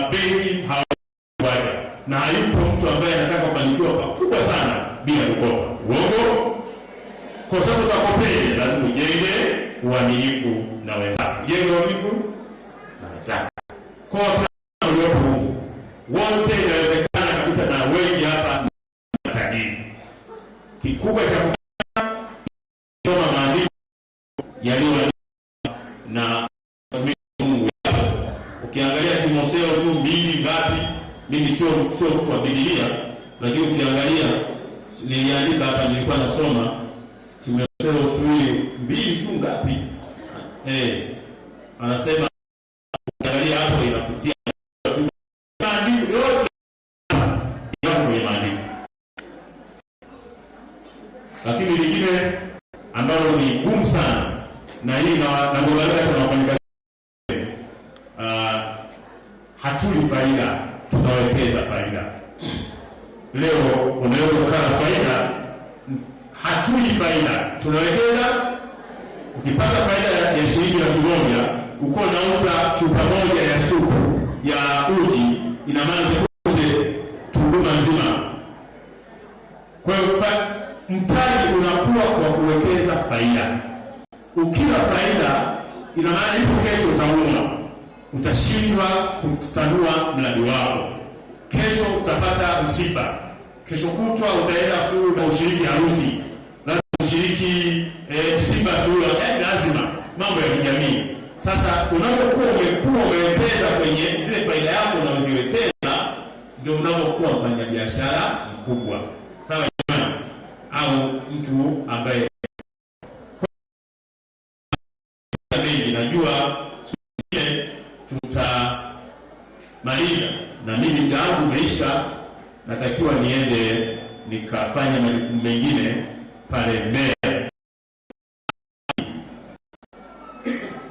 mabenki hawaja, na hayupo mtu ambaye anataka kufanikiwa pakubwa sana bila kukopa. Uongo? Kwa sasa utakopeje? Lazima ujenge uaminifu na wenzako, ujenge uaminifu na wenzako. hey. Eh, anasema ina maana zikuze Tunduma nzima. Kwa hiyo mtaji unakuwa kwa kuwekeza faida. Ukila faida, ina maana hipo kesho utaumwa, utashindwa kutanua mradi wako, kesho utapata msiba, kesho kutwa utaenda fuu ushiriki harusi, lazima ushiriki eh, msiba fuu, eh, lazima mambo ya kijamii. Sasa unapokuwa umekuwa umewekeza kwenye zile faida yako na ndio unapokuwa mfanyabiashara mkubwa, sawa au mtu ambaye mengi najua sue tutamaliza na mimi muda wangu umeisha, natakiwa niende nikafanya majukumu mengine pale mbele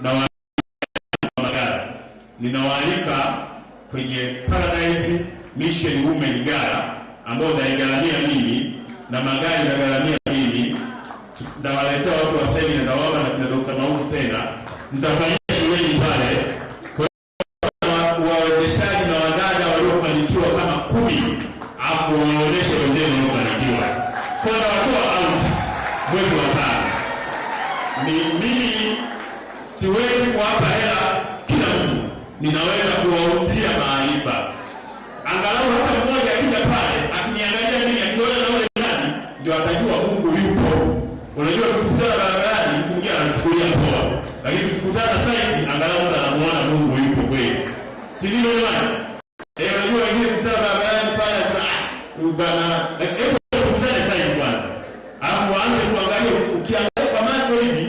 na Magara. Ninawaalika kwenye Paradise Mission Women Gala ambayo naigharamia mimi na magari nagharamia mimi, nawaletea watu wa semina na wama na kina Dr. Maungu tena mtafanyia shuleni pale wawezeshaji na wadada waliofanikiwa kama kumi, afu waonyeshe wengine waliofanikiwa kwa watu out mwezi wa tano. Ni mimi siwezi kuwapa hela kila mtu, ninaweza kuwauzia maarifa angalau hata mmoja akija pale akiniangalia mimi akiona na ule ndani, ndio atajua Mungu yupo. Unajua, tukikutana barabarani mtu mwingine anamchukulia poa, lakini tukikutana saizi angalau mtu anamuona Mungu yupo kweli, si ndivyo jamani? Eh, unajua wengine kukutana barabarani pale sasa, ah, bana, eh, hebu tukutane saizi kwanza, alafu waanze kuangalia. Ukiangalia kwa macho hivi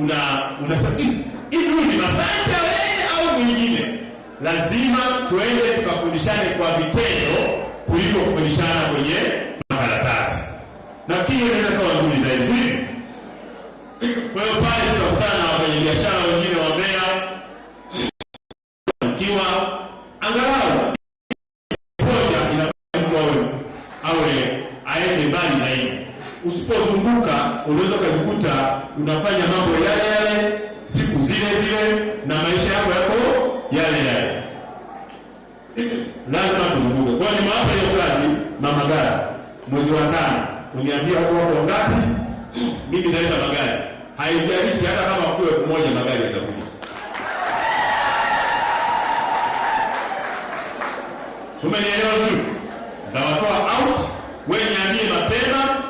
una unasafiri hivi, ni masanja wewe au mwingine lazima tuende tukafundishane kwa vitendo kuliko kufundishana kwenye makaratasi. Nafikiri hiyo inaweza kuwa nzuri zaidi. Kwa hiyo pale tutakutana na wafanyabiashara wengine wa Mbeya, ikiwa angalau moja inafanya mtu awe awe aende mbali zaidi. Usipozunguka unaweza ukajikuta unafanya mambo yale yale magari mwezi wa tano, kuniambia watu wako ngapi? Mimi naenda magari, haijalishi hata kama kwa elfu moja magari yatakuja. Tumenielewa tu, Nitawatoa out, wewe niambie mapema,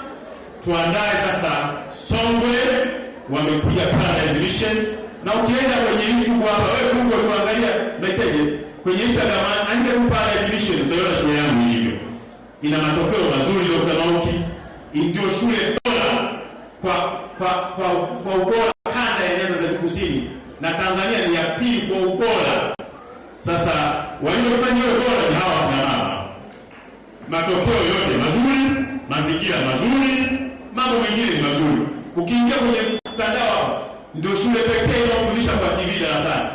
tuandae sasa. Songwe wamekuja Paradise Mission, na ukienda kwenye YouTube hapa, wewe Google tuangalia, naitaje kwenye Instagram andika Paradise Mission, utaiona shule yangu ilivyo ina matokeo mazuri. Dr. Nauki ndio shule bora kwa kwa kwa, kwa ubora kanda ya nyanda za juu kusini, na Tanzania ni ya pili kwa ubora. Sasa waliofanya hiyo bora ni hawa kina mama. Matokeo yote mazuri, mazingira mazuri, mambo mengine mazuri. Ukiingia kwenye mtandao, ndio shule pekee inayofundisha kwa TV darasani,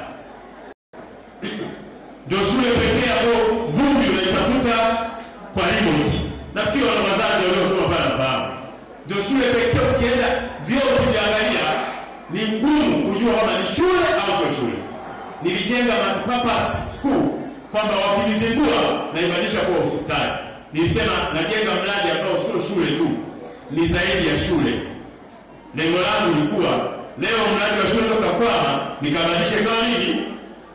ndio shule pekee ambayo vumbi unaitafuta kwa Limouji. Nafikiri wana wazazi waliosoma pale nafahamu, ndio shule pekee ukienda vyoo kujiangalia ni ngumu kujua kama ni shule au kwa shule. Nilijenga multipurpose school kwamba wakinizindua naibadilisha kuwa hospitali. Nilisema najenga mradi ambao sio shule tu, ni zaidi ya shule. Lengo langu lilikuwa leo mradi wa shule toka kwama nikabadilishe kama nini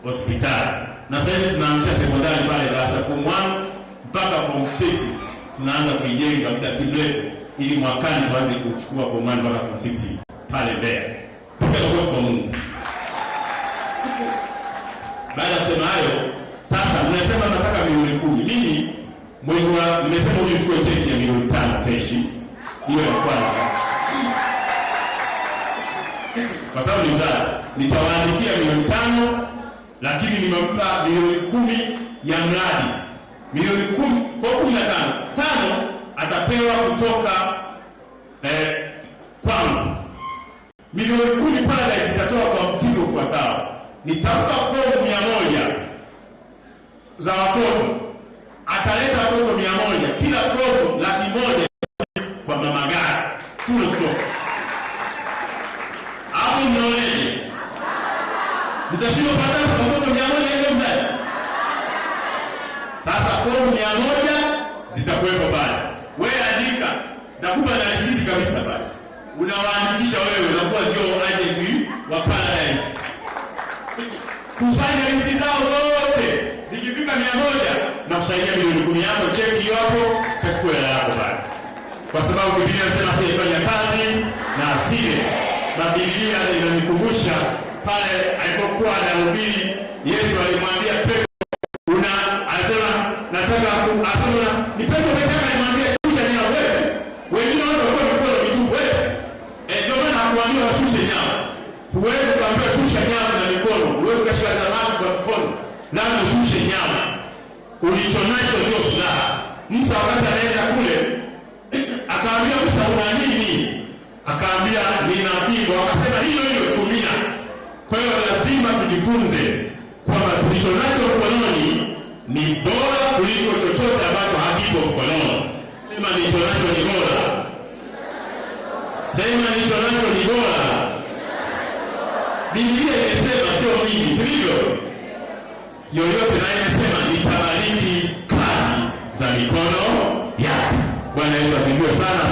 hospitali, na sasa hivi tunaanzisha sekondari pale darasa la 1 mpaka form 6 tunaanza kuijenga muda si mrefu, ili mwakani tuanze kuchukua form 1 mpaka form 6 pale Mbeya. Kwa Mungu. Baada ya kusema hayo, sasa mnasema nataka milioni kumi. Mimi mwezi wa nimesema unichukue cheki ya milioni tano keshi, hiyo ya kwanza, kwa sababu ni mzazi, nitawaandikia milioni tano, lakini nimempa milioni kumi ya mradi milioni kumi kwa kumi na tano tano atapewa kutoka eh, kwangu. Milioni kumi Paradise itatoa kwa mtindo ufuatao: nitampa fomu mia moja za watoto, ataleta watoto mia moja kila fomu laki moja kwa mama gari full stop. Hapo mnaoneje? mtashindwa kupata watoto mia moja fomu mia moja zitakuwepo pale. Wewe andika, nakupa na risiti kabisa pale, unawaandikisha wewe, unakuwa ndio agent wa Paradise. Kusanya risiti zao zote, zikifika mia moja na kusaidia milioni kumi yako, cheki hapo, tachukua hela yako pale, kwa sababu Biblia inasema sifanya kazi na asile, na Biblia inanikumbusha pale alipokuwa anahubiri Yesu alimwambia Petro una anataka asema nipende mwenyewe nimwambie shusha nyao wewe. Wengine wao wanakuwa mikono miguu wewe. Eh, ndio maana nakuambia washushe nyao. Huwezi kuambia shusha nyao na mikono. Huwezi kashika tamamu kwa mkono. Lazima ushushe nyao. Ulicho ndio silaha. Musa wakati anaenda kule akaambia Musa una nini? Akaambia nina fimbo. Akasema hilo hilo tumia. Kwa hiyo lazima tujifunze kwamba tulicho nacho mkononi ni bora kuliko chochote ambacho hakipo mkononi. Sema nicho nacho ni bora, sema nicho nacho ni bora. Biblia imesema sio mingi sivyo? Yoyote naye anasema nitabariki kazi za mikono yake Bwana Yesu asifiwe sana.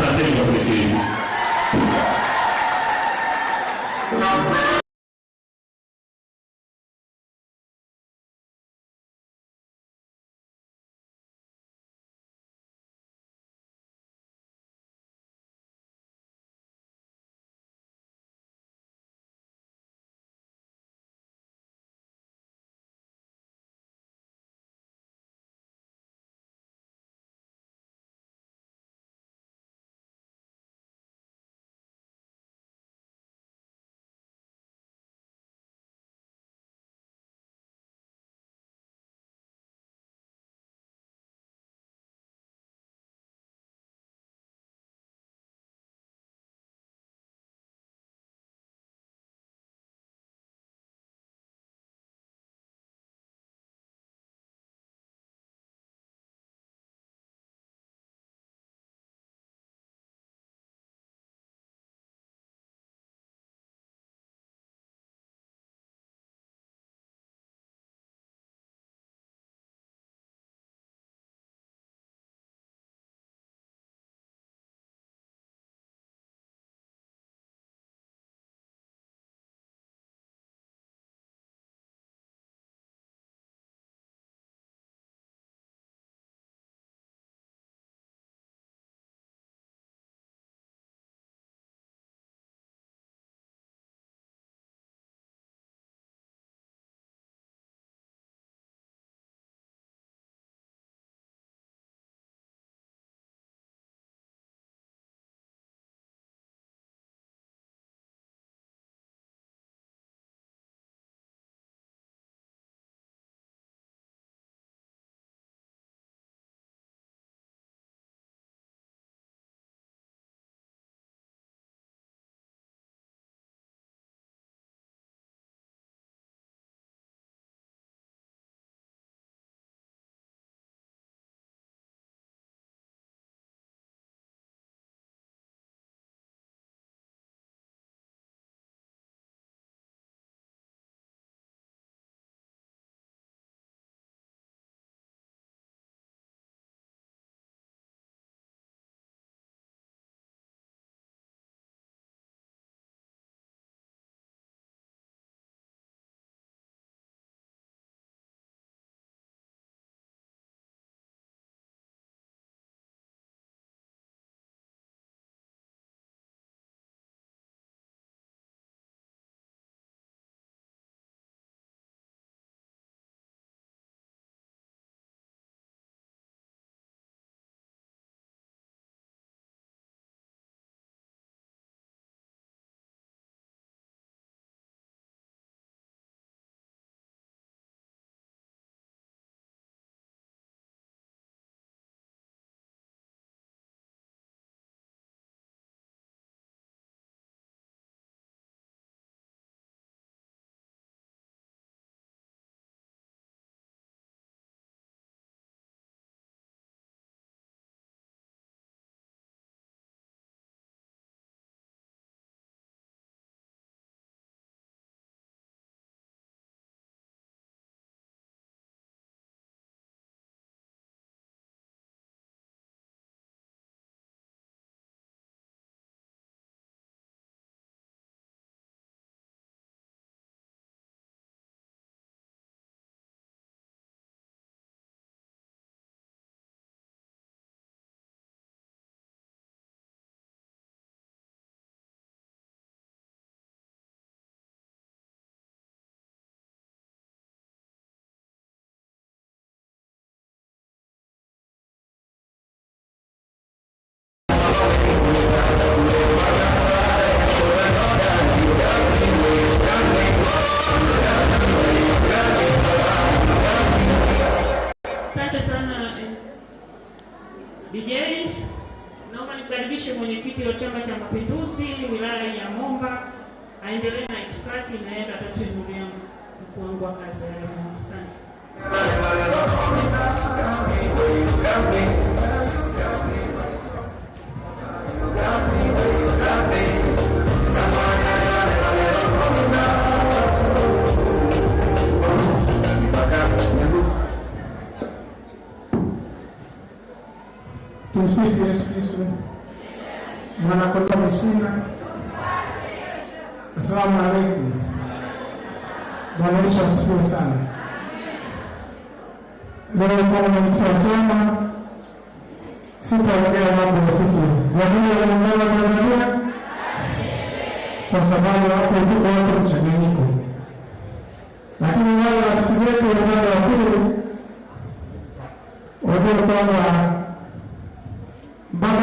sana eh, DJ. Naomba nikaribishe mwenyekiti wa Chama cha Mapinduzi wilaya ya Momba aendelee na itifaki, naenda atatuinulia mkuu wangu wa kazi ya Mungu. Asante. Tumsifu Yesu Kristo. Mwana kondoo ameshinda. Asalamu alaykum. Bwana Yesu asifiwe sana. Leo kwa mwenyekiti tena sitaongea mambo ya sisi Jamhuri ya Muungano wa Tanzania, kwa sababu hapo ndipo watu mchanganyiko, lakini wale rafiki zetu upande wa pili wajue kwamba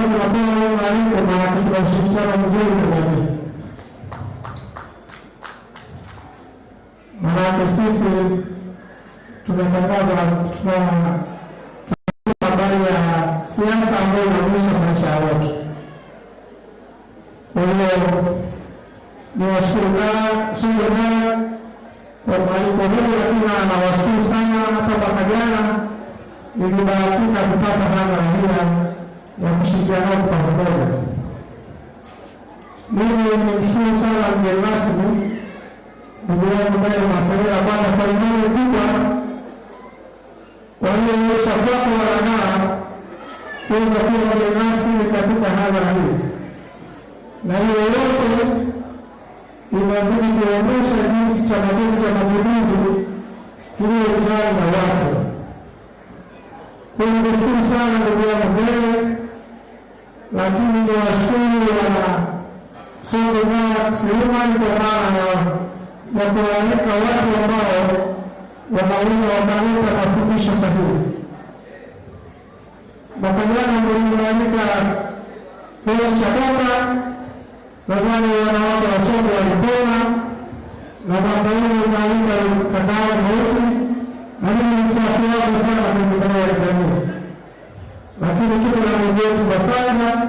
sababu ambao aliko na ushirikiano mzuri na jamii. Maanake sisi tumetangaza habari ya siasa ambayo inaonyesha maisha ya watu. Kwa hiyo ni washukuru sana kwa mwaliko huu, lakini nawashukuru sana. Hata mwaka jana nilibahatika kupata hana na kushirikiana kufanya pamoja. Mimi nimshukuru sana mgeni rasmi kufanya masalia ya kwanza kwa imani kubwa walioonyesha kwako wananaa kuweza kuwa mgeni rasmi katika hadhara hii, na hiyo yote inazidi kuonyesha jinsi Chama chetu cha Mapinduzi kilio kilani na watu. Kwa hiyo nimeshukuru sana ndugu yangu mbele lakini ni washukuru wana Songea Suleiman kwa maana ya kuwaweka watu ambao wanaweza wakaleta mafundisho sahihi. Mwaka jana kulimgawanyika huyo Shakoka, nadhani wanawake wasomi walipona, na mwaka huu unaenda mtandao mweupe, na ni mfuasi wako sana kwenye mitandao ya kijamii, lakini kitu wetu Basanja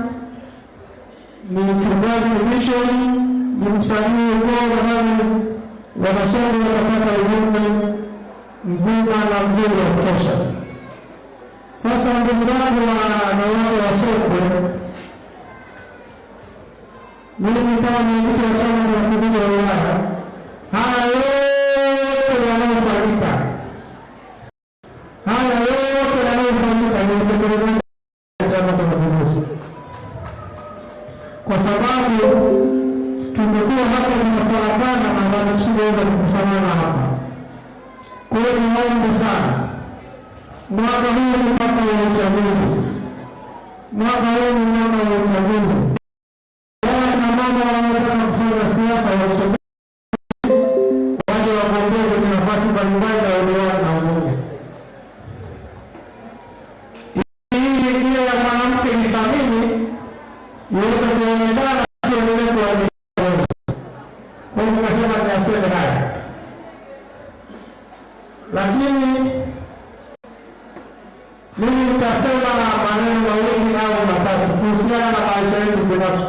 ni mchungaji misheni, ni msanii koanani wanasonga wanapata elimu mzima na mzuri wa kutosha. Sasa ndugu zangu na watu wa Songwe, mimi kama mwenyekiti wa chama cha mapinduzi ya wilaya, haya yote yanayofanyika tumeweza kukusanyana hapa. Kwa hiyo niombe sana, mwaka huu ni mwaka wa uchaguzi, mwaka huu ni mwaka wa uchaguzi. kuhusiana na maisha yetu binafsi.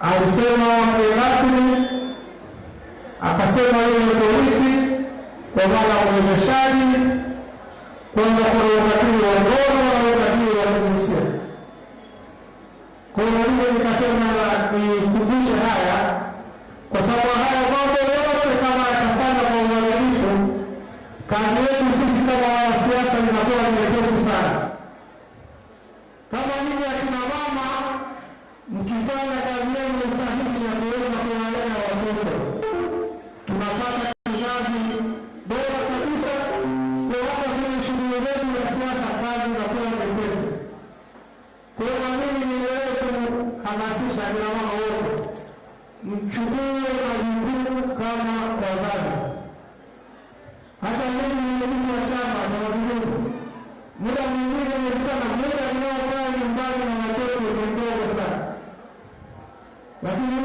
Alisema rasmi, akasema yeye ni polisi kwa maana ya uwezeshaji kwanza, kuna ukatili wa ngono na ukatili wa kijinsia. Kwa hiyo mimi nikasema nikumbushe haya kwa sababu haya mambo yote kama yatafanya kwa uangalifu, kazi yetu sisi kama wanasiasa inakuwa ni nyepesi sana. Kama hivyo akina mama, mkifanya kazi yenu sahihi ya kuweza kuwalea watoto tunapata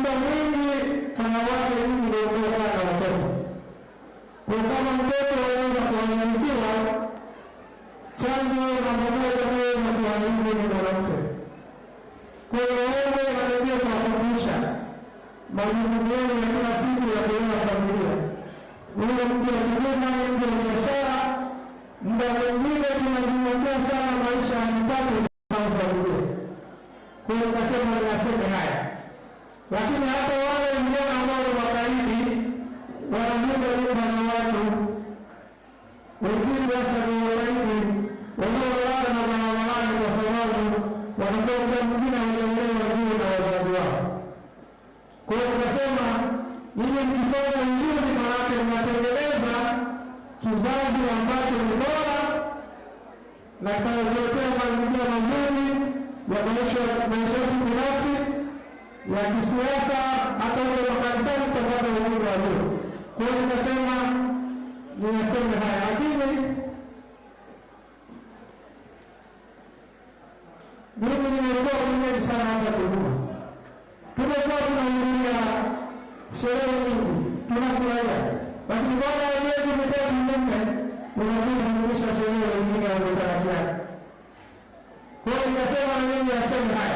muda mwingi wanawake nyingi kuokoa na watoto kwa kama mtoto anaweza kuangukiwa chanjo namba moja huyo na kuanguka ni mwanamke. Kwa hiyo wewe unatakiwa kuwakumbusha majukumu yenu ya kila siku ya kulea familia, huyo mtu wa kilimo, mtu wa biashara. Muda mwingine tunazingatia sana maisha ya mtoto na familia. Kwa hiyo ni naseme haya lakini hata wale vijana ambao ni wakaidi wanavuka nyumba na watu wengine, sasa ni wakaidi wanaolala na barabarani, kwa sababu wanatoka mwingine wameolewa juu na wazazi wao. Kwa hiyo tunasema ili mkifanya vizuri, manake mnatengeneza kizazi ambacho ni bora na kinakuletea mazingira mazuri ya maisha yetu binafsi ya kisiasa, hata ule wa kanisani utapata uhuru wa juu. Kwa hiyo nimesema niyaseme haya, lakini mimi nimekuwa mwenyeji sana hapa Tunduma. Tumekuwa tunahudhuria sherehe nyingi, tunafurahia, lakini baada ya miezi mitatu minne unakuja kuisha sherehe nyingine ya utaratibu. Kwa hiyo nikasema na mimi naseme haya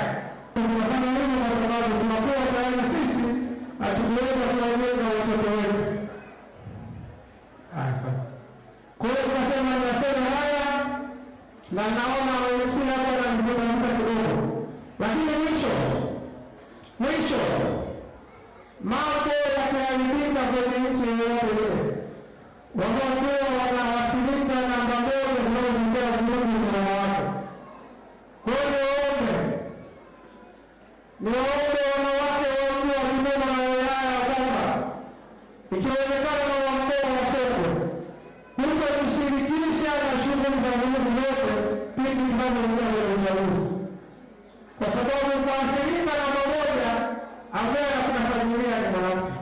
kampeni za Mungu zote pindi tunavyoingia kwenye uchaguzi, kwa sababu kwa namba moja ambaye hakuna familia ni mwanamke.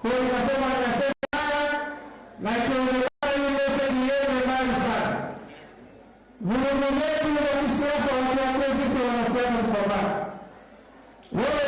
Kwa hiyo nikasema nasema haya na ikiwezekana hii meseji iende mbali sana. Vurugu zetu za kisiasa wakiachia sisi wanasiasa kupambana. Wewe